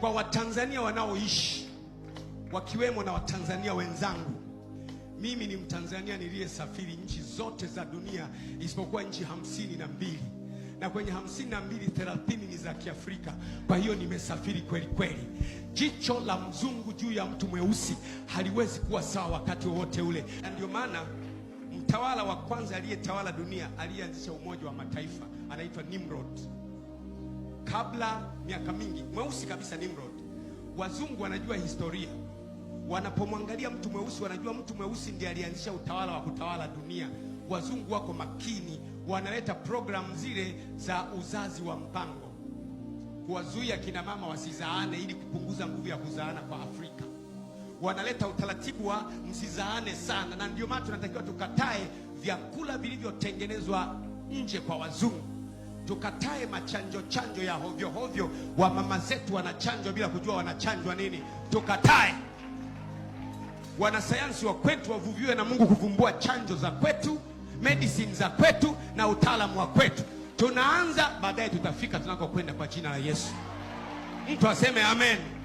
kwa Watanzania wanaoishi wakiwemo na Watanzania wenzangu. Mimi ni Mtanzania niliyesafiri nchi zote za dunia isipokuwa nchi hamsini na mbili na kwenye hamsini na mbili thelathini ni za Kiafrika. Kwa hiyo nimesafiri kweli kweli. Jicho la mzungu juu ya mtu mweusi haliwezi kuwa sawa wakati wowote ule, na ndio maana mtawala wa kwanza aliyetawala dunia aliyeanzisha Umoja wa Mataifa anaitwa Nimrod kabla miaka mingi, mweusi kabisa Nimrod. Wazungu wanajua historia, wanapomwangalia mtu mweusi wanajua mtu mweusi ndiye alianzisha utawala wa kutawala dunia. Wazungu wako makini, wanaleta programu zile za uzazi wa mpango kuwazuia kina mama wasizaane ili kupunguza nguvu ya kuzaana kwa Afrika. Wanaleta utaratibu wa msizaane sana, na ndio maana tunatakiwa tukatae vyakula vilivyotengenezwa nje kwa wazungu. Tukatae machanjo chanjo ya hovyo hovyo. Wa mama zetu wanachanjwa bila kujua wanachanjwa nini. Tukatae. Wanasayansi wa kwetu wavuviwe na Mungu kuvumbua chanjo za kwetu, medicine za kwetu na utaalamu wa kwetu. Tunaanza baadaye, tutafika tunakokwenda kwa jina la Yesu. Mtu aseme amen.